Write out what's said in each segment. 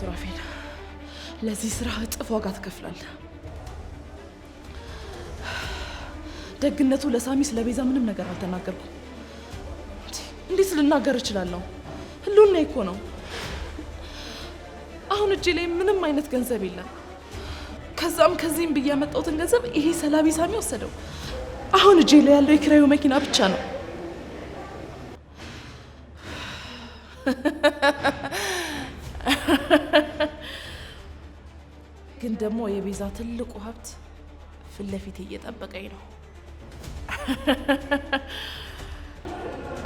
ሱራፌል፣ ለዚህ ስራ እጥፍ ዋጋ ትከፍላል። ደግነቱ ለሳሚ ስለ ቤዛ ምንም ነገር አልተናገርኩም። እንዴት ልናገር እችላለሁ? ህልውና እኮ ነው። አሁን እጄ ላይ ምንም አይነት ገንዘብ የለም። ከዛም ከዚህም ብዬ ያመጣሁትን ገንዘብ ይሄ ሰላቢ ሳሚ ወሰደው። አሁን እጄ ላይ ያለው የክራዩ መኪና ብቻ ነው። ደግሞ የቤዛ ትልቁ ሀብት ፊት ለፊት እየጠበቀኝ ነው።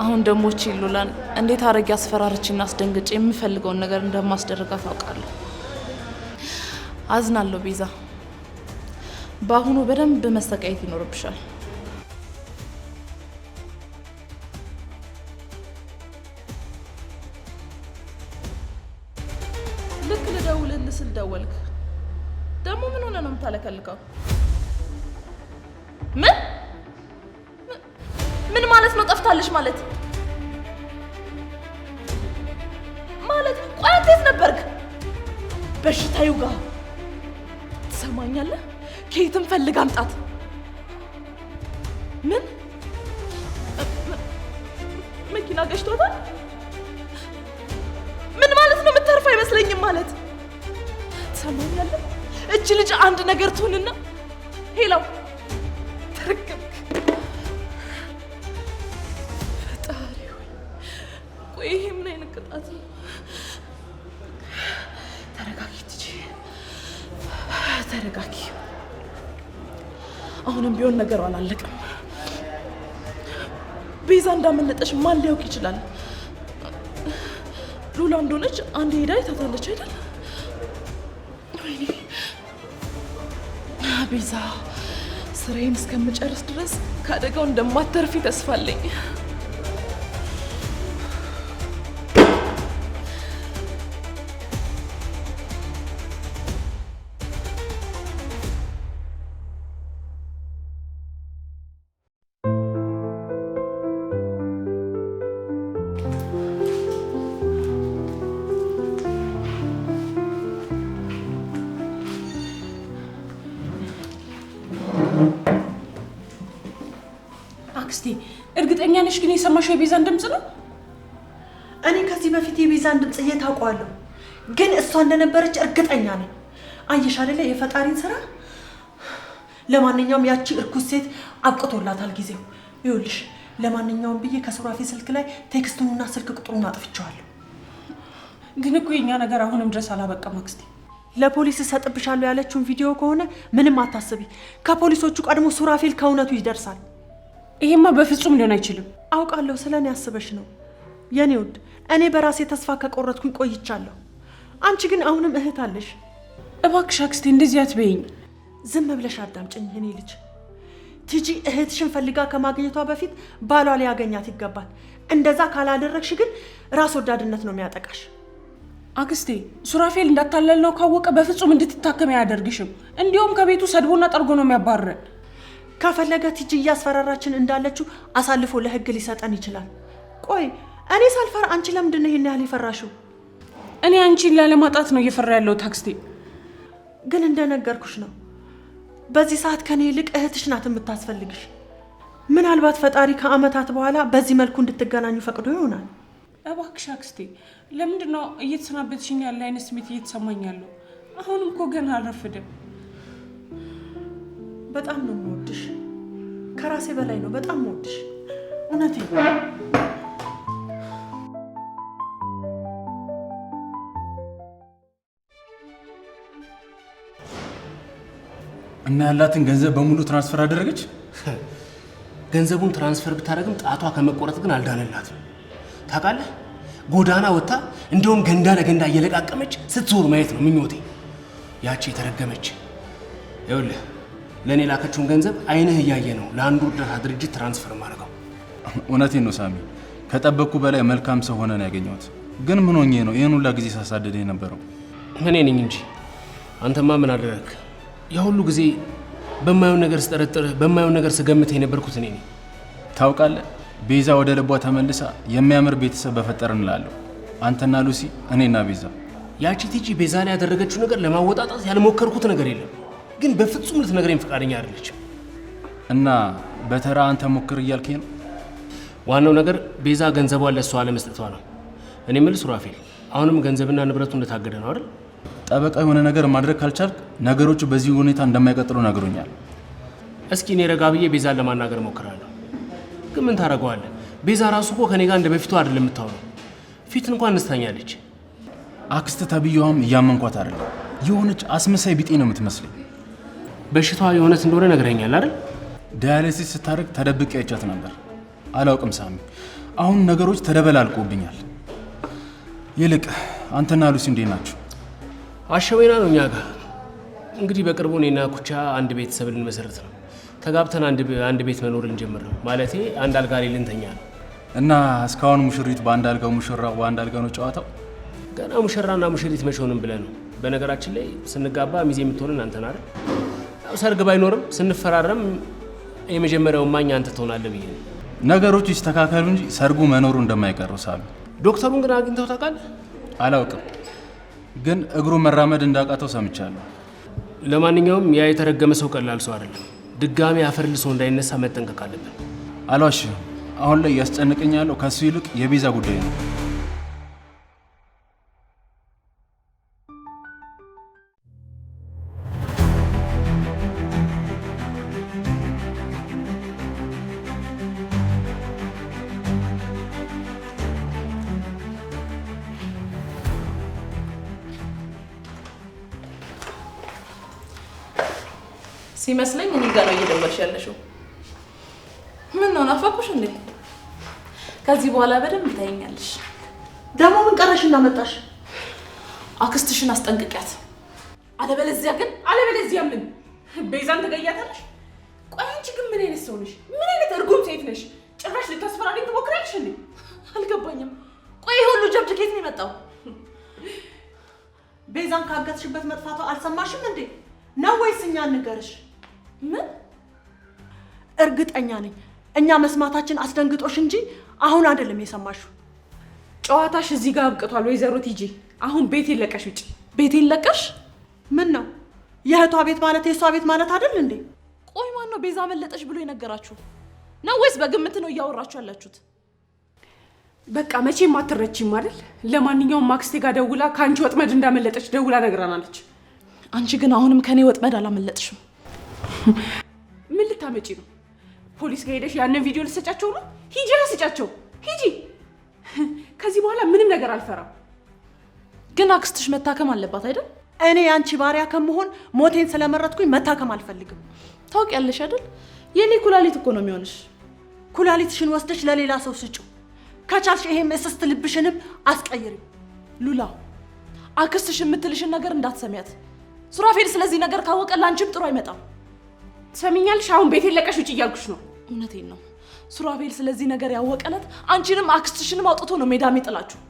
አሁን ደግሞ እቺ ሉላን እንዴት አረግ አስፈራርቼ እና አስደንግጬ የምፈልገውን ነገር እንደማስደረጋት አውቃለሁ። አዝናለሁ ቤዛ፣ በአሁኑ በደንብ መሰቃየት ይኖርብሻል። አንድ ነገር ትሁንና ሄላው ተረከብክ። ፈጣሪ ሆይ ቆይ ይሄ ምን አይነት ቅጣት ነው? ተረጋጊ ትጂ፣ ተረጋጊ። አሁንም ቢሆን ነገሩ አላለቀም። ቤዛ እንዳመለጠሽ ማን ሊያውቅ ይችላል? ሉላ እንደሆነች አንድ ሄዳ ይታታለች አይደል? ቤዛ፣ ስራዬን እስከምጨርስ ድረስ ከአደጋው እንደማተርፊ ተስፋለኝ። ነሽ ግን የሰማሽው የቤዛን ድምፅ ነው? እኔ ከዚህ በፊት የቤዛን ድምፅ እየታውቀዋለሁ፣ ግን እሷ እንደነበረች እርግጠኛ ነኝ። አየሽ አይደለ የፈጣሪን ስራ። ለማንኛውም ያቺ እርኩስ ሴት አብቅቶላታል ጊዜው። ይኸውልሽ ለማንኛውም ብዬ ከሱራፌ ስልክ ላይ ቴክስቱንና ስልክ ቁጥሩን አጥፍቼዋለሁ። ግን እኮ የኛ ነገር አሁንም ድረስ አላበቀም አክስቴ። ለፖሊስ እሰጥብሻለሁ ያለችውን ቪዲዮ ከሆነ ምንም አታስቢ። ከፖሊሶቹ ቀድሞ ሱራፌል ከእውነቱ ይደርሳል። ይሄማ በፍጹም ሊሆን አይችልም። አውቃለሁ፣ ስለ እኔ አስበሽ ነው የኔ ውድ። እኔ በራሴ ተስፋ ከቆረጥኩኝ ቆይቻለሁ። አንቺ ግን አሁንም እህት አለሽ። እባክሽ አክስቴ እንደዚህ አትበይኝ። ዝም ብለሽ አዳምጭኝ የኔ ልጅ። ቲጂ እህትሽን ፈልጋ ከማግኘቷ በፊት ባሏ ሊያገኛት ይገባል። እንደዛ ካላደረግሽ ግን ራስ ወዳድነት ነው የሚያጠቃሽ። አክስቴ ሱራፌል እንዳታለልነው ካወቀ በፍጹም እንድትታከም አያደርግሽም። እንዲሁም ከቤቱ ሰድቦና ጠርጎ ነው የሚያባርረን። ከፈለገ ቲጂ እያስፈራራችን እንዳለችው አሳልፎ ለህግ ሊሰጠን ይችላል። ቆይ እኔ ሳልፈራ አንቺ ለምንድን ነው ያህል የፈራሽው? እኔ አንቺን ላለማጣት ነው እየፈራ ያለው ታክስቴ። ግን እንደነገርኩሽ ነው በዚህ ሰዓት ከኔ ይልቅ እህትሽ ናት የምታስፈልግሽ። ምናልባት ፈጣሪ ከአመታት በኋላ በዚህ መልኩ እንድትገናኙ ፈቅዶ ይሆናል። እባክሽ አክስቴ፣ ለምንድን ነው እየተሰናበትሽኝ ያለ አይነት ስሜት እየተሰማኝ ያለው? አሁንም እኮ ገና አልረፍድም። በጣም ነው የምወድሽ። ከራሴ በላይ ነው በጣም የምወድሽ። እውነቴን እና ያላትን ገንዘብ በሙሉ ትራንስፈር አደረገች። ገንዘቡን ትራንስፈር ብታደርግም ጣቷ ከመቆረጥ ግን አልዳነላትም። ታውቃለህ፣ ጎዳና ወጥታ እንደውም ገንዳ ለገንዳ እየለቃቀመች ስትዞር ማየት ነው ምኞቴ። ያቺ የተረገመች ይኸውልህ ለእኔ ላከችውን ገንዘብ አይንህ እያየ ነው ለአንዱ እርዳታ ድርጅት ትራንስፈር ማድረገው። እውነቴን ነው ሳሚ፣ ከጠበቅኩ በላይ መልካም ሰው ሆነን ነው ያገኘሁት። ግን ምን ሆኜ ነው ይህን ሁላ ጊዜ ሳሳደደ የነበረው? እኔ ነኝ እንጂ አንተማ ምን አደረግ? የሁሉ ጊዜ በማየውን ነገር ስጠረጥርህ፣ በማየውን ነገር ስገምትህ የነበርኩት እኔ ነኝ። ታውቃለህ፣ ቤዛ ወደ ልቧ ተመልሳ የሚያምር ቤተሰብ በፈጠር እንላለሁ። አንተና ሉሲ፣ እኔና ቤዛ። ያቺ ቲጂ ቤዛ ላይ ያደረገችው ነገር ለማወጣጣት ያልሞከርኩት ነገር የለም። ግን በፍጹም ልትነግረኝ ፈቃደኛ አይደለችም። እና በተራ አንተ ሞክር እያልከኝ ነው? ዋናው ነገር ቤዛ ገንዘቧን ለእሷ አለመስጠቷ ነው። እኔ ምልስ ሱራፌል፣ አሁንም ገንዘብና ንብረቱ እንደታገደ ነው አይደል? ጠበቃ የሆነ ነገር ማድረግ ካልቻልክ ነገሮቹ በዚህ ሁኔታ እንደማይቀጥሉ ነግሮኛል። እስኪ እኔ ረጋ ብዬ ቤዛን ለማናገር ሞክራለሁ። ግን ምን ታደርገዋለህ? ቤዛ ራሱ እኮ ከኔ ጋር እንደ በፊቱ አይደለም የምታወራው። ፊት እንኳን እንስታኛለች። አክስት ተብዬዋም እያመንኳት አይደለም። የሆነች አስመሳይ ቢጤ ነው የምትመስለኝ። በሽታዋ የእውነት እንደሆነ ነግረኛል አይደል? ዳያሊሲስ ስታደርግ ተደብቄ አይቻት ነበር። አላውቅም ሳሚ፣ አሁን ነገሮች ተደበላልቆብኛል። ይልቅ አንተና ሉሲ እንዴት ናችሁ? አሸበና ነው እኛ ጋር። እንግዲህ በቅርቡ እኔና ኩቻ አንድ ቤተሰብ ልንመሰርት ነው። ተጋብተን አንድ ቤት መኖር ልንጀምር ነው። ማለቴ አንድ አልጋ ላይ ልንተኛ ነው። እና እስካሁን ሙሽሪት በአንድ አልጋው ሙሽራው በአንድ አልጋ ነው ጨዋታው። ገና ሙሽራና ሙሽሪት መቼ ሆንም ብለህ ነው። በነገራችን ላይ ስንጋባ ሚዜ የምትሆንን አንተን አይደል? ሰርግ ባይኖርም ስንፈራረም የመጀመሪያው ማኝ አንተ ትሆናለህ ብዬ ነገሮች ይስተካከሉ እንጂ ሰርጉ መኖሩ እንደማይቀሩ ሳሉ። ዶክተሩን ግን አግኝተው ታውቃለህ? አላውቅም፣ ግን እግሩ መራመድ እንዳቃተው ሰምቻለሁ። ለማንኛውም ያ የተረገመ ሰው ቀላል ሰው አይደለም። ድጋሚ አፈር ልሶ እንዳይነሳ መጠንቀቅ አለብን። አሏሽ አሁን ላይ ያስጨንቀኛለሁ ከሱ ይልቅ የቤዛ ጉዳይ ነው። ከዚህ በኋላ በደንብ ታይኛለሽ። ደግሞ ምን ቀረሽ እናመጣሽ? አክስትሽን አስጠንቅቂያት። አለበለዚያ ግን አለበለዚያ ምን ቤዛን ትገያታለሽ። ቆይ አንቺ ግን ምን አይነት ሰው ነሽ? ምን አይነት እርጉም ሴት ነሽ? ጭራሽ ልታስፈራሪኝ ትሞክራለሽ እንዴ? አልገባኝም። ቆይ ሁሉ ጀብድ ከየት ነው የመጣው? ቤዛን ካገትሽበት መጥፋቷ አልሰማሽም እንዴ? ነው ወይስ እኛ እንገርሽ? ምን እርግጠኛ ነኝ እኛ መስማታችን አስደንግጦሽ እንጂ አሁን አይደለም የሰማሽው። ጨዋታሽ እዚህ ጋር አብቅቷል ወይዘሮ ቲጂ። አሁን ቤቴን ለቀሽ ውጪ። ቤቴን ለቀሽ? ምን ነው የእህቷ ቤት ማለት የእሷ ቤት ማለት አይደል እንዴ? ቆይ ማን ነው ቤዛ መለጠሽ ብሎ የነገራችሁ ነው ወይስ በግምት ነው እያወራችሁ ያላችሁት? በቃ መቼም አትረቺም አይደል? ለማንኛውም ማክስቴ ጋር ደውላ ከአንቺ ወጥመድ እንዳመለጠች ደውላ ነግራናለች። አንቺ ግን አሁንም ከኔ ወጥመድ አላመለጥሽም። ምን ልታመጪ ነው? ፖሊስ ጋር ሄደሽ ያንን ቪዲዮ ልሰጫቸው ነው? ሂጂ፣ ስጫቸው፣ ሂጂ። ከዚህ በኋላ ምንም ነገር አልፈራም። ግን አክስትሽ መታከም አለባት አይደል? እኔ የአንቺ ባሪያ ከመሆን ሞቴን ስለመረጥኩኝ መታከም አልፈልግም። ታውቂያለሽ አይደል? የእኔ ኩላሊት እኮ ነው የሚሆንሽ። ኩላሊትሽን ወስደሽ ለሌላ ሰው ስጪው። ከቻልሽ ይሄም እስስት ልብሽንም አስቀይሪ። ሉላ አክስትሽ የምትልሽን ነገር እንዳትሰሚያት። ሱራፌል ስለዚህ ነገር ካወቀ ጥሩ አይመጣም። ትሰሚኛለሽ? አሁን ቤቴን ለቀሽ ውጭ እያልኩሽ ነው። እውነቴን ነው ሱራፌል። ስለዚህ ነገር ያወቀለት አንቺንም አክስትሽንም አውጥቶ ነው ሜዳ ጥላችሁ።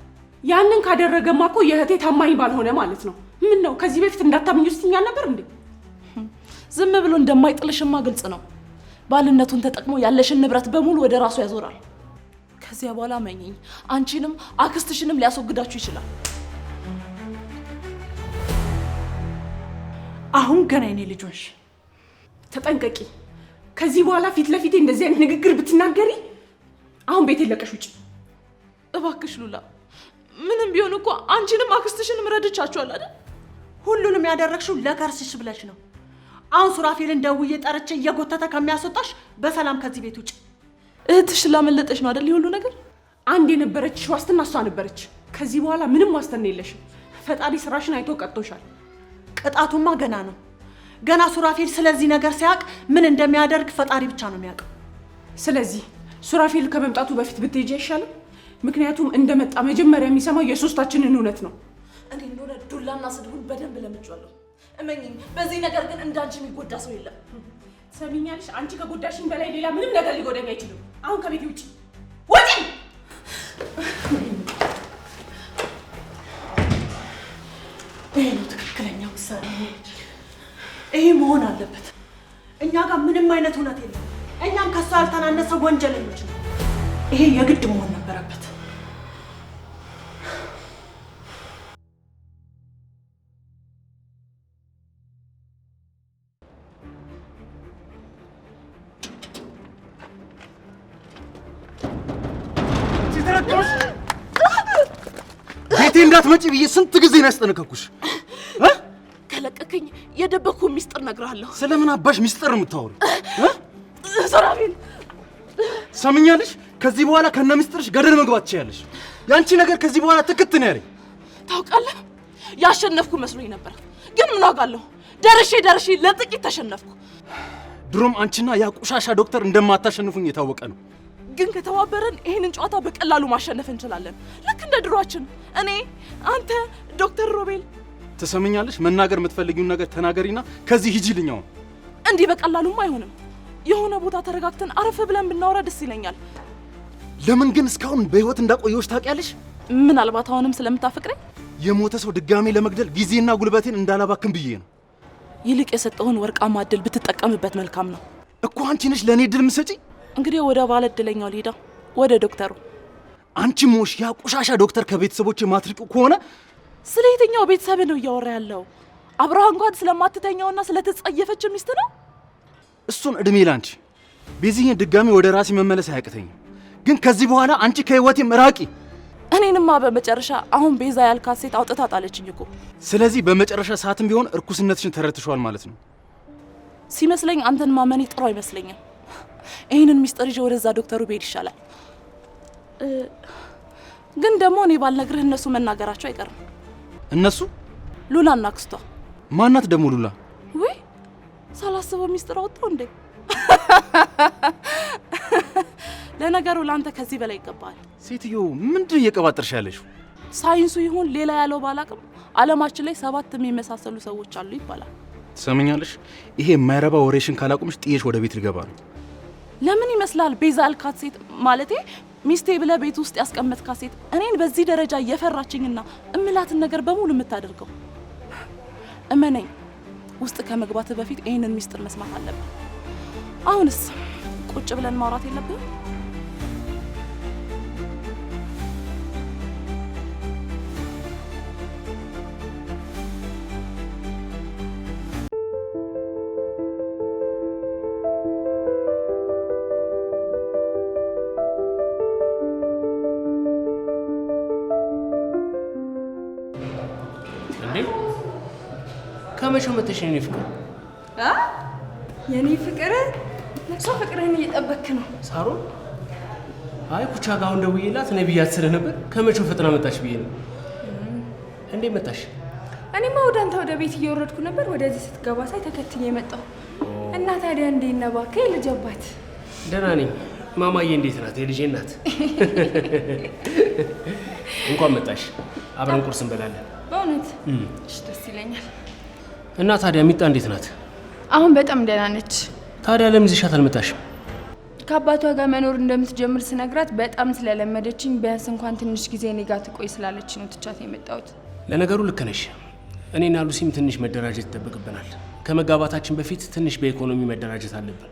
ያንን ካደረገማ እኮ የእህቴ ታማኝ ባልሆነ ማለት ነው። ምን ነው ከዚህ በፊት እንዳታምኝ ውስትኛል ነበር እንዴ? ዝም ብሎ እንደማይጥልሽማ ግልጽ ነው። ባልነቱን ተጠቅሞ ያለሽን ንብረት በሙሉ ወደ ራሱ ያዞራል። ከዚያ በኋላ መኝኝ አንቺንም አክስትሽንም ሊያስወግዳችሁ ይችላል። አሁን ገና የኔ ልጆች ተጠንቀቂ። ከዚህ በኋላ ፊት ለፊቴ እንደዚህ አይነት ንግግር ብትናገሪ አሁን ቤት የለቀሽ ውጭ። እባክሽ ሉላ፣ ምንም ቢሆን እኮ አንቺንም አክስትሽንም ረድቻችኋል አይደል? ሁሉንም ያደረግሽው ለከርስሽ ብለሽ ነው። አሁን ሱራፌልን ደውዬ ጠርቼ እየጎተተ ከሚያስወጣሽ በሰላም ከዚህ ቤት ውጭ። እህትሽ ላመለጠሽ ነው አይደል? የሁሉ ነገር አንድ የነበረች ዋስትና እሷ ነበረች። ከዚህ በኋላ ምንም ዋስትና የለሽም። ፈጣሪ ስራሽን አይቶ ቀጥቶሻል። ቅጣቱማ ገና ነው። ገና ሱራፌል ስለዚህ ነገር ሲያውቅ ምን እንደሚያደርግ ፈጣሪ ብቻ ነው የሚያውቀው። ስለዚህ ሱራፌል ከመምጣቱ በፊት ብትሄጂ አይሻልም? ምክንያቱም እንደመጣ መጀመሪያ የሚሰማው የሶስታችንን እውነት ነው። እኔ እንደሆነ ዱላና ስድቡን በደንብ ለምጫለሁ። እመኝኝ፣ በዚህ ነገር ግን እንዳንቺ የሚጎዳ ሰው የለም። ሰሚኛልሽ? አንቺ ከጎዳሽኝ በላይ ሌላ ምንም ነገር ሊጎዳኝ አይችልም። አሁን ከቤት ውጭ ወጪ ይህ ነው ትክክለኛ ውሳኔ። ይሄ መሆን አለበት። እኛ ጋር ምንም አይነት እውነት የለም። እኛም ከሷ ያልተናነሰ ወንጀለኞች ነው። ይሄ የግድ መሆን ነበረበት። ቤቴ እንዳትመጪ ብዬ ስንት ጊዜ ነው ያስጠነቀኩሽ? እነግርሃለሁ። ስለምን አባሽ ሚስጥር የምታወሩ? ሶራፊል ሰምኛለሽ። ከዚህ በኋላ ከነ ሚስጥርሽ ገደል መግባት ትችያለሽ። ያንቺ ነገር ከዚህ በኋላ ትክት ነው ያለኝ። ታውቃለህ፣ ያሸነፍኩ መስሎኝ ነበር፣ ግን ምን ዋጋለሁ። ደርሼ ደርሼ ለጥቂት ተሸነፍኩ። ድሮም አንቺና ያ ቆሻሻ ዶክተር እንደማታሸንፉኝ የታወቀ ነው። ግን ከተባበረን ይህንን ጨዋታ በቀላሉ ማሸነፍ እንችላለን። ልክ እንደ ድሯችን እኔ፣ አንተ፣ ዶክተር ሮቤል ትሰምኛለሽ? መናገር የምትፈልጊውን ነገር ተናገሪና ከዚህ ሂጂልኝ። አሁን እንዲህ በቀላሉም አይሆንም። የሆነ ቦታ ተረጋግተን አረፍ ብለን ብናወራ ደስ ይለኛል። ለምን ግን እስካሁን በህይወት እንዳቆየሁሽ ታውቂያለሽ? ምናልባት አሁንም ስለምታፈቅረኝ የሞተ ሰው ድጋሜ ለመግደል ጊዜና ጉልበቴን እንዳላባክን ብዬ ነው። ይልቅ የሰጠውን ወርቃማ እድል ብትጠቀምበት መልካም ነው እኮ። አንቺ ነሽ ለእኔ እድል ምሰጪ። እንግዲህ ወደ ባለ እድለኛው ሊዳ፣ ወደ ዶክተሩ። አንቺ ሞሽ ያ ቆሻሻ ዶክተር ከቤተሰቦች ማትርቅ ከሆነ ስለ የትኛው ቤተሰብ ነው እያወራ ያለው? አብርሃ እንኳን ስለማትተኛውና ስለተጸየፈች ሚስት ነው። እሱን እድሜ ላንቺ። ቤዚህን ድጋሚ ወደ ራሴ መመለስ አያቅተኝም፣ ግን ከዚህ በኋላ አንቺ ከህይወቴ ምራቂ። እኔንማ በመጨረሻ አሁን ቤዛ ያልካት ሴት አውጥታ ጣለችኝ እኮ። ስለዚህ በመጨረሻ ሰዓትም ቢሆን እርኩስነትሽን ተረድተሽዋል ማለት ነው። ሲመስለኝ አንተን ማመኔ ጥሩ አይመስለኝም። ይህንን ሚስጥር ይዤ ወደዛ ዶክተሩ ብሄድ ይሻላል። ግን ደግሞ እኔ ባልነግርህ እነሱ መናገራቸው አይቀርም። እነሱ ሉላ እና አክስቷ። ማናት ደግሞ ሉላ? ውይ ሳላስበው ሚስጥር አወጣው እንዴ! ለነገሩ ለአንተ ከዚህ በላይ ይገባል። ሴትዮ ምንድን እየቀባጠርሽ ያለሽ ሳይንሱ ይሁን ሌላ ያለው ባላቅም አለማችን ላይ ሰባት የሚመሳሰሉ ሰዎች አሉ ይባላል። ትሰምኛለሽ? ይሄ የማይረባ ወሬሽን ካላቁምሽ ጥዬሽ ወደ ቤት ልገባ ነው። ለምን ይመስላል ቤዛ አልካት ሴት ማለቴ ሚስቴ ብለህ ቤት ውስጥ ያስቀመጥካት ሴት እኔን በዚህ ደረጃ እየፈራችኝና እምላትን ነገር በሙሉ የምታደርገው እመነኝ። ውስጥ ከመግባት በፊት ይህንን ሚስጥር መስማት አለብን። አሁንስ ቁጭ ብለን ማውራት የለብንም? ይዘሽው መተሽ የኔ ፍቅር የኔ ፍቅር ለቅሶ ፍቅርህን እየጠበክ ነው ሳሮን አይ ኩቻ ጋር አሁን ደውዬላት ነብያት ስለነበር ከመቼው ፈጥና መጣች ብዬ ነው እንዴ መጣሽ እኔማ ወደ አንተ ወደ ቤት እየወረድኩ ነበር ወደዚህ ስትገባ ሳይ ተከትዬ የመጣው እና ታዲያ እንዴት ነህ እባክህ የልጅ አባት ደህና ነኝ ማማዬ እንዴት ናት የልጄ እናት እንኳን መጣሽ አብረን ቁርስ እንበላለን በእውነት እሺ ደስ ይለኛል እና ታዲያ ሚጣ እንዴት ናት? አሁን በጣም ደህና ነች። ታዲያ ለምን ይዘሻት አልመጣሽም? ከአባቷ ጋር መኖር እንደምትጀምር ስነግራት በጣም ስለለመደችኝ ቢያንስ እንኳን ትንሽ ጊዜ እኔ ጋር ትቆይ ስላለች ነው ትቻት የመጣሁት። ለነገሩ ልክ ነሽ። እኔና ሉሲም ትንሽ መደራጀት ይጠበቅብናል። ከመጋባታችን በፊት ትንሽ በኢኮኖሚ መደራጀት አለብን።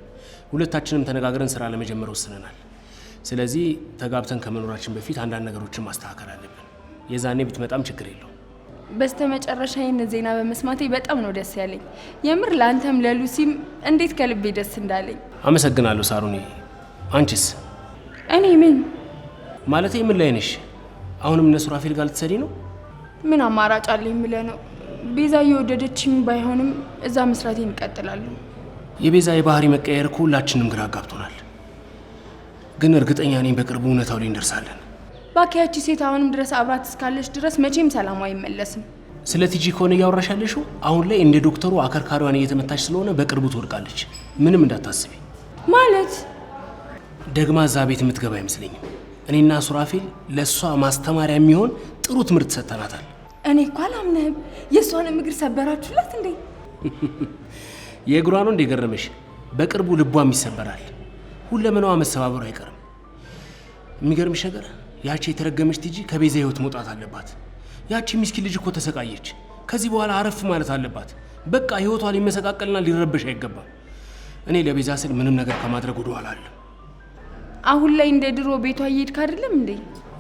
ሁለታችንም ተነጋግረን ስራ ለመጀመር ወስነናል። ስለዚህ ተጋብተን ከመኖራችን በፊት አንዳንድ ነገሮችን ማስተካከል አለብን። የዛኔ ብትመጣም ችግር የለው በስተመጨረሻ ይህን ዜና በመስማቴ በጣም ነው ደስ ያለኝ። የምር ለአንተም ለሉሲም እንዴት ከልቤ ደስ እንዳለኝ። አመሰግናለሁ ሳሩኒ። አንቺስ? እኔ ምን ማለት ምን ላይ ነሽ? አሁንም እነ ሱራፌል ጋር ልትሰሪ ነው? ምን አማራጭ አለ የምለ ነው። ቤዛ እየወደደችም ባይሆንም እዛ መስራቴን እቀጥላለሁ። የቤዛ የባህሪ መቀየር እኮ ሁላችንም ግራ አጋብቶናል። ግን እርግጠኛ ነኝ በቅርቡ እውነታው ላይ እንደርሳለን። ባካያቺ ሴት አሁንም ድረስ አብራት እስካለች ድረስ መቼም ሰላሙ አይመለስም። ስለ ቲጂ ከሆነ እያወራሽ ያለሽው አሁን ላይ እንደ ዶክተሩ አከርካሪዋን እየተመታች ስለሆነ በቅርቡ ትወድቃለች። ምንም እንዳታስቢ። ማለት ደግማ እዛ ቤት የምትገባ አይመስለኝም። እኔና ሱራፌል ለእሷ ማስተማሪያ የሚሆን ጥሩ ትምህርት ሰጥተናታል። እኔ እኮ አላምነህም። የእሷንም እግር ሰበራችሁላት እንዴ? የእግሯ ነው እንደ ገረመሽ? በቅርቡ ልቧም ይሰበራል። ሁለመናዋ መሰባበሩ አይቀርም። የሚገርምሽ ነገር ያቺ የተረገመች ቲጂ ከቤዛ ህይወት መውጣት አለባት። ያቺ ሚስኪን ልጅ እኮ ተሰቃየች። ከዚህ በኋላ አረፍ ማለት አለባት። በቃ ህይወቷ ሊመሰቃቀልና ሊረበሽ አይገባም። እኔ ለቤዛ ስል ምንም ነገር ከማድረግ ወደ ኋላ አለ። አሁን ላይ እንደ ድሮ ቤቷ እየሄድክ አይደለም እንዴ?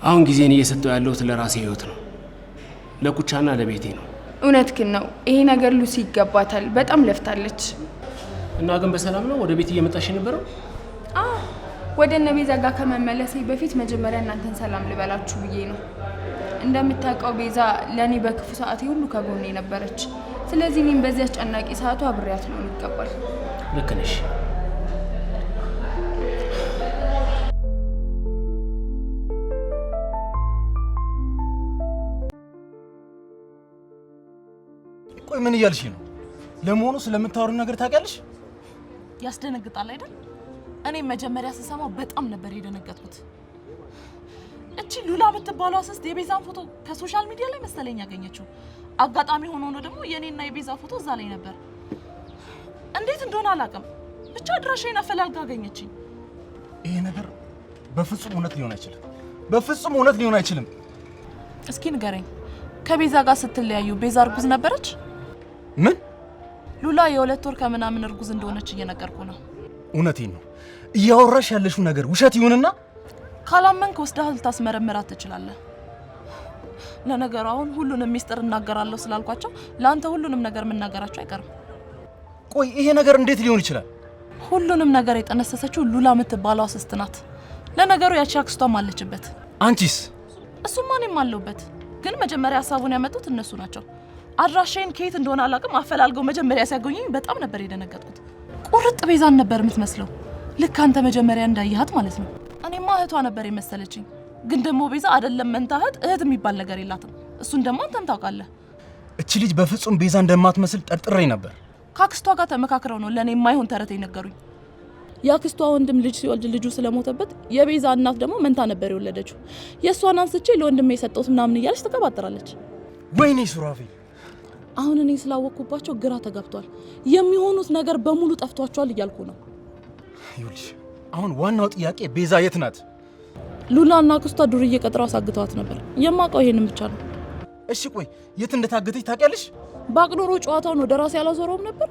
አሁን ጊዜን እየሰጠው ያለሁት ለራሴ ህይወት ነው፣ ለኩቻና ለቤቴ ነው። ግን ነው። ይሄ ነገር ሉሲ ይገባታል። በጣም ለፍታለች። እና ግን በሰላም ነው ወደ ቤት እየመጣሽ የነበረው? ወደ እነ ቤዛ ጋር ከመመለሴ በፊት መጀመሪያ እናንተን ሰላም ልበላችሁ ብዬ ነው። እንደምታውቀው ቤዛ ለእኔ በክፉ ሰዓቴ ሁሉ ከጎኔ ነበረች። ስለዚህ እኔም በዚህ አስጨናቂ ሰዓቱ አብሬያት ነው ይገባል። ልክ ነሽ። ቆይ ምን እያልሽ ነው? ለመሆኑ ስለምታወሩ ነገር ታውቂያለሽ? ያስደነግጣል አይደል? እኔ መጀመሪያ ስሰማው በጣም ነበር የደነገጥኩት። እቺ ሉላ የምትባለው አስስት የቤዛን ፎቶ ከሶሻል ሚዲያ ላይ መሰለኝ ያገኘችው። አጋጣሚ ሆኖ ነው ደግሞ የእኔና የቤዛ ፎቶ እዛ ላይ ነበር። እንዴት እንደሆነ አላውቅም፣ ብቻ አድራሻዬን አፈላልጋ አገኘችኝ። ይሄ ነገር በፍጹም እውነት ሊሆን አይችልም። በፍጹም እውነት ሊሆን አይችልም። እስኪ ንገረኝ፣ ከቤዛ ጋር ስትለያዩ ቤዛ እርጉዝ ነበረች? ምን? ሉላ የሁለት ወር ከምናምን እርጉዝ እንደሆነች እየነገርኩ ነው። እውነቴን ነው። እያወራሽ ያለሽው ነገር ውሸት ይሁንና ካላመንክ ወስደህ ልታስመረምራት ትችላለህ። ለነገሩ አሁን ሁሉንም ሚስጥር እናገራለሁ ስላልኳቸው ለአንተ ሁሉንም ነገር የምናገራቸው አይቀርም። ቆይ ይሄ ነገር እንዴት ሊሆን ይችላል? ሁሉንም ነገር የጠነሰሰችው ሉላ የምትባለው አስስት ናት። ለነገሩ ያቺ አክስቷም አለችበት። አንቺስ? እሱማ እኔም አለሁበት። ግን መጀመሪያ ሀሳቡን ያመጡት እነሱ ናቸው። አድራሻዬን ከየት እንደሆነ አላውቅም። አፈላልገው መጀመሪያ ሲያገኙኝ በጣም ነበር የደነገጥኩት። ቁርጥ ቤዛን ነበር የምትመስለው። ልክ አንተ መጀመሪያ እንዳየሃት ማለት ነው። እኔማ እህቷ ነበር የመሰለችኝ። ግን ደግሞ ቤዛ አይደለም መንታ እህት፣ እህት የሚባል ነገር የላትም። እሱን ደግሞ አንተም ታውቃለህ። እቺ ልጅ በፍጹም ቤዛ እንደማትመስል ጠርጥሬ ነበር። ከአክስቷ ጋር ተመካክረው ነው ለእኔ የማይሆን ተረት የነገሩኝ። የአክስቷ ወንድም ልጅ ሲወልድ ልጁ ስለሞተበት የቤዛ እናት ደግሞ መንታ ነበር የወለደችው። የእሷን አንስቼ ለወንድሜ የሰጠሁት ምናምን እያለች ተቀባጥራለች። ወይኔ ሱራፌ አሁን እኔ ስላወቅኩባቸው ግራ ተጋብቷል። የሚሆኑት ነገር በሙሉ ጠፍቷቸዋል እያልኩ ነው። ይኸውልሽ አሁን ዋናው ጥያቄ ቤዛ የት ናት? ሉላ እና አክስቷ ዱርዬ ቀጥረው አሳግተዋት ነበር። የማውቀው ይሄንን ብቻ ነው። እሺ ቆይ የት እንደታገተች ታውቂያለሽ? በአቅዶሮ ጨዋታውን ወደ ራሴ ያላዞረውም ነበር።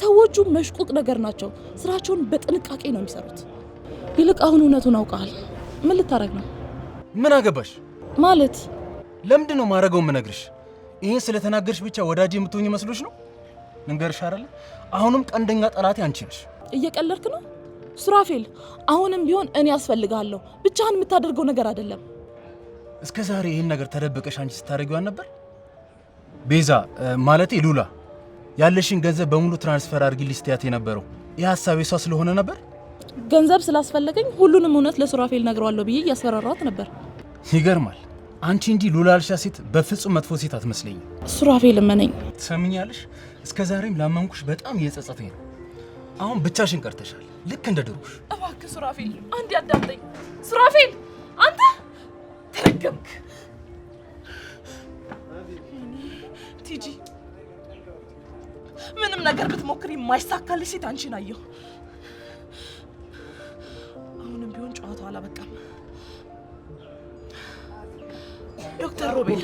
ሰዎቹ መሽቁቅ ነገር ናቸው። ስራቸውን በጥንቃቄ ነው የሚሰሩት። ይልቅ አሁን እውነቱን አውቀሃል። ምን ልታረግ ነው? ምን አገባሽ ማለት ለምንድን ነው ማድረገው? የምነግርሽ ይህን ስለተናገርሽ ብቻ ወዳጅ የምትሆኝ መስሎች ነው? ንገርሽ አይደለ? አሁንም ቀንደኛ ጠላቴ አንቺ ነሽ። እየቀለድክ ነው ሱራፌል አሁንም ቢሆን እኔ ያስፈልግሃለሁ። ብቻህን የምታደርገው ነገር አይደለም። እስከ ዛሬ ይህን ነገር ተደብቀሽ አንቺ ስታደርጊው ነበር። ቤዛ ማለቴ ሉላ ያለሽን ገንዘብ በሙሉ ትራንስፈር አድርጊልኝ ስትያት የነበረው ይህ ሀሳብ የሷ ስለሆነ ነበር። ገንዘብ ስላስፈለገኝ ሁሉንም እውነት ለሱራፌል ነግረዋለሁ ብዬ እያስፈራራት ነበር። ይገርማል። አንቺ እንጂ ሉላ ያልሻ ሴት በፍጹም መጥፎ ሴት አትመስለኝም። ሱራፌል እመነኝ። ትሰምኛለሽ? እስከ ዛሬም ላመንኩሽ በጣም እየጸጸተኝ ነው አሁን ብቻሽን ቀርተሻል፣ ልክ እንደ ድሮሽ። እባክህ ሱራፌል፣ አንድ ያዳምጠኝ። ሱራፌል፣ አንተ ተረገምክ። ቲጂ፣ ምንም ነገር ብትሞክር የማይሳካልሽ ሴት አንቺን አየሁ። አሁንም ቢሆን ጨዋታው አላበቃም። ዶክተር ሮቤል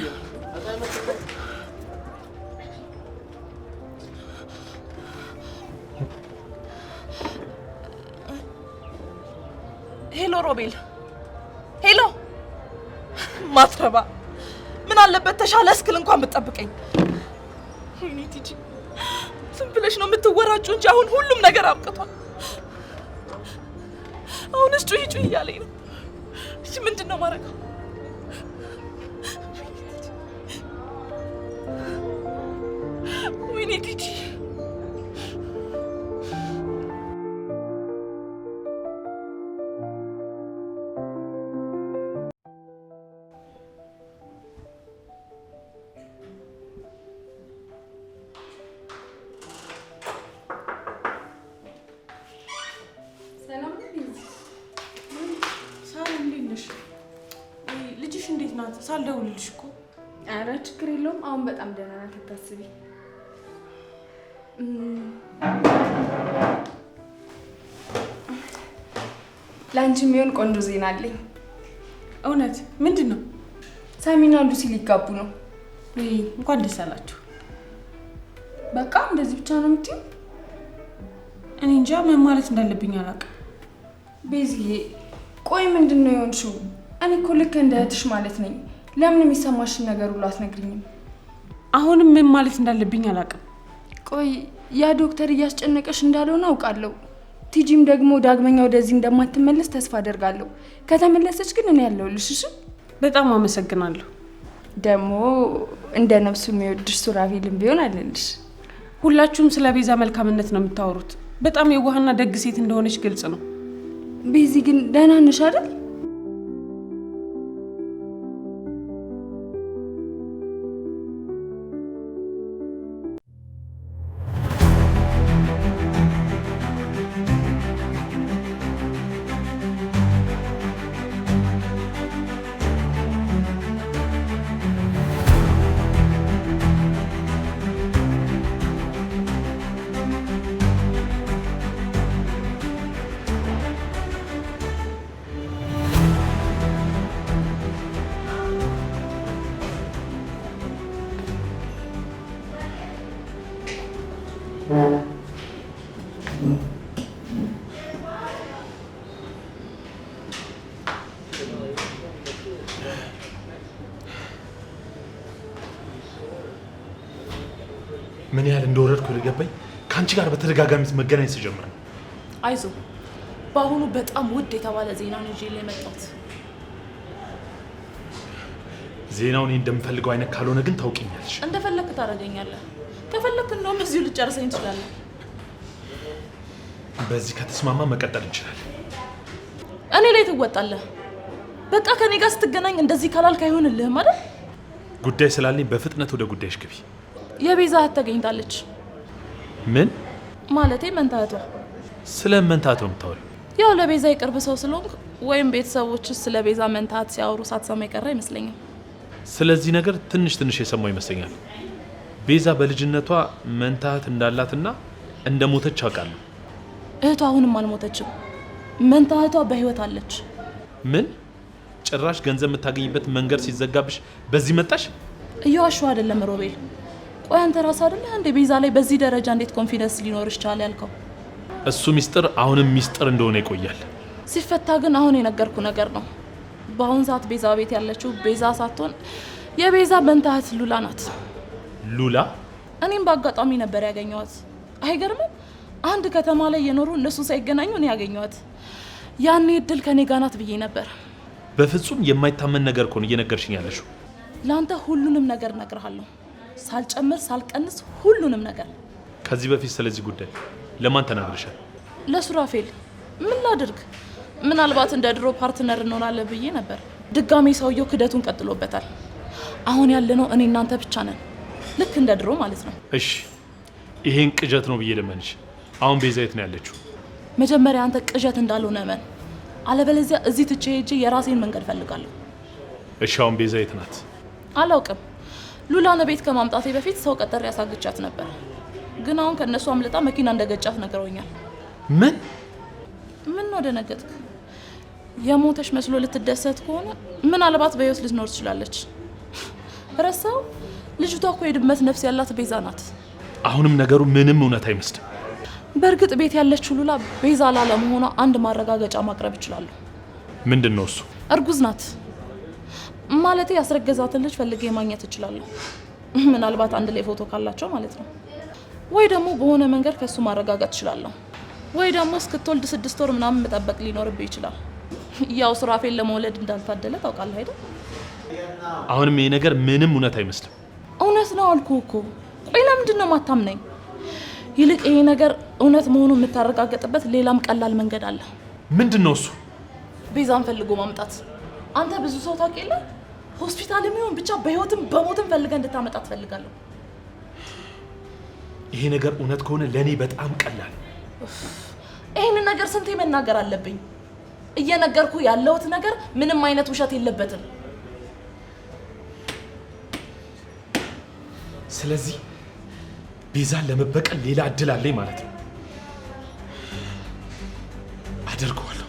ሮቤል ሄሎ ማትረባ ምን አለበት ተሻለ እስክል እንኳን የምትጠብቀኝ ዩኒቲጂ ዝም ብለሽ ነው የምትወራጩ እንጂ አሁን ሁሉም ነገር አብቅቷል አሁንስ ጩይ ጩይ እያለኝ ነው እሺ ምንድን ነው ማድረገው ለአንቺ የሚሆን ቆንጆ ዜና አለኝ። እውነት? ምንድን ነው? ሳሚና ሉሲ ሊጋቡ ነው። እንኳን ደስ አላችሁ። በቃ እንደዚህ ብቻ ነው የምትይው? እኔ እንጃ ምን ማለት እንዳለብኝ አላውቅም። ቤዝዬ ቆይ ምንድን ነው የሆንሽው? እኔ እኮ ልክ እንደ እህትሽ ማለት ነኝ። ለምን የሚሰማሽን ነገር ሁሉ አትነግሪኝም? አሁንም ምን ማለት እንዳለብኝ አላውቅም። ቆይ ያ ዶክተር እያስጨነቀሽ እንዳልሆነ አውቃለሁ ቲጂም ደግሞ ዳግመኛ ወደዚህ እንደማትመለስ ተስፋ አደርጋለሁ። ከተመለሰች ግን እኔ ያለሁልሽ። እሺ? በጣም አመሰግናለሁ። ደግሞ እንደ ነፍሱ የሚወድሽ ሱራፌልም ቢሆን አለልሽ። ሁላችሁም ስለ ቤዛ መልካምነት ነው የምታወሩት። በጣም የዋህና ደግ ሴት እንደሆነች ግልጽ ነው። ቤዚ ግን ደህና ነሽ አይደል? ምን ያህል እንደወረድኩ ልገባኝ ከአንቺ ጋር በተደጋጋሚ መገናኘት ስጀምር አይዞ፣ በአሁኑ በጣም ውድ የተባለ ዜና ነው ይዤ የመጣሁት። ዜናው እኔ እንደምፈልገው አይነት ካልሆነ ግን ታውቂኛለሽ። እንደፈለክ ታደርገኛለህ፣ ከፈለክ እንደውም እዚሁ ልጨርሰኝ እንችላለን። በዚህ ከተስማማ መቀጠል እንችላለን። እኔ ላይ ትወጣለህ። በቃ ከኔ ጋር ስትገናኝ እንደዚህ ካላልክ አይሆንልህም አይደል? ጉዳይ ስላለኝ በፍጥነት ወደ ጉዳይሽ ግቢ። የቤዛ እህት ተገኝታለች። ምን ማለቴ መንታቷ። ስለ መንታቷ የምታወሪው? ያው ለቤዛ የቅርብ ሰው ስለሆንክ ወይም ቤተሰቦች ስለ ቤዛ መንታት ሲያወሩ ሳትሰማ የቀረ አይመስለኝም። ስለዚህ ነገር ትንሽ ትንሽ የሰማው ይመስለኛል። ቤዛ በልጅነቷ መንታት እንዳላትና እንደ ሞተች አውቃለሁ። እህቷ አሁንም አልሞተችም። መንታቷ በህይወት አለች። ምን ጭራሽ ገንዘብ የምታገኝበት መንገድ ሲዘጋብሽ በዚህ መጣሽ? እየዋሸሁ አይደለም ሮቤል ቆይ አንተ ራስህ አይደለህ እንዴ ቤዛ ላይ በዚህ ደረጃ እንዴት ኮንፊደንስ ሊኖርሽ ቻለ ያልከው? እሱ ሚስጥር አሁንም ሚስጥር እንደሆነ ይቆያል። ሲፈታ ግን አሁን የነገርኩ ነገር ነው። በአሁን ሰዓት ቤዛ ቤት ያለችው ቤዛ ሳትሆን የቤዛ መንታት ሉላ ናት። ሉላ እኔም በአጋጣሚ ነበር ያገኘዋት። አይገርምም? አንድ ከተማ ላይ የኖሩ እነሱ ሳይገናኙ እኔ ያገኘዋት። ያኔ እድል ከኔ ጋር ናት ብዬ ነበር። በፍጹም የማይታመን ነገር እኮ እየነገርሽኝ ያለሽው። ለአንተ ሁሉንም ነገር እነግርሃለሁ ሳልጨምር ሳልቀንስ ሁሉንም ነገር። ከዚህ በፊት ስለዚህ ጉዳይ ለማን ተናግርሻል? ለሱራፌል። ምን ላድርግ፣ ምናልባት እንደ ድሮ ፓርትነር እንሆናለን ብዬ ነበር። ድጋሜ ሰውየው ክደቱን ቀጥሎበታል። አሁን ያለነው እኔ እናንተ ብቻ ነን፣ ልክ እንደ ድሮ ማለት ነው። እሺ ይሄን ቅዠት ነው ብዬ ለመንሽ። አሁን ቤዛ የት ነው ያለችው? መጀመሪያ አንተ ቅዠት እንዳልሆነ መን፣ አለበለዚያ እዚህ ትቼ ሄጄ የራሴን መንገድ ፈልጋለሁ። እሺ አሁን ቤዛ የት ናት? አላውቅም ሉላን ቤት ከማምጣቴ በፊት ሰው ቀጠር ያሳግቻት ነበር፣ ግን አሁን ከእነሱ አምልጣ መኪና እንደገጫት ነግረውኛል። ምን ምን ነው ደነገጥክ? የሞተች መስሎ ልትደሰት ከሆነ ምናልባት በሕይወት ልትኖር ትችላለች። ረሳው? ልጅቷ እኮ የድመት ነፍስ ያላት ቤዛ ናት። አሁንም ነገሩ ምንም እውነት አይመስልም። በእርግጥ ቤት ያለችው ሉላ ቤዛ ላለመሆኗ አንድ ማረጋገጫ ማቅረብ እችላለሁ። ምንድን ነው እሱ? እርጉዝ ናት። ማለት ያስረገዛትን ልጅ ፈልጌ ማግኘት እችላለሁ። ምናልባት አንድ ላይ ፎቶ ካላቸው ማለት ነው። ወይ ደግሞ በሆነ መንገድ ከእሱ ማረጋጋት እችላለሁ። ወይ ደግሞ እስክትወልድ ስድስት ወር ምናምን መጠበቅ ሊኖርብህ ይችላል። ያው ሱራፌን ለመውለድ እንዳልታደለ ታውቃለህ አይደል? አሁንም ይሄ ነገር ምንም እውነት አይመስልም። እውነት ነው አልኩ እኮ። ቆይ ለምንድን ነው ማታምነኝ? ይልቅ ይሄ ነገር እውነት መሆኑን የምታረጋገጥበት ሌላም ቀላል መንገድ አለ። ምንድን ነው እሱ? ቤዛን ፈልጎ ማምጣት። አንተ ብዙ ሰው ታውቅ የለ ሆስፒታል የሚሆን ብቻ በህይወትም በሞትም ፈልገ እንድታመጣ ትፈልጋለሁ። ይሄ ነገር እውነት ከሆነ ለእኔ በጣም ቀላል። ይህንን ነገር ስንቴ መናገር አለብኝ? እየነገርኩ ያለሁት ነገር ምንም አይነት ውሸት የለበትም። ስለዚህ ቤዛን ለመበቀል ሌላ እድል አለኝ ማለት ነው። አድርገዋል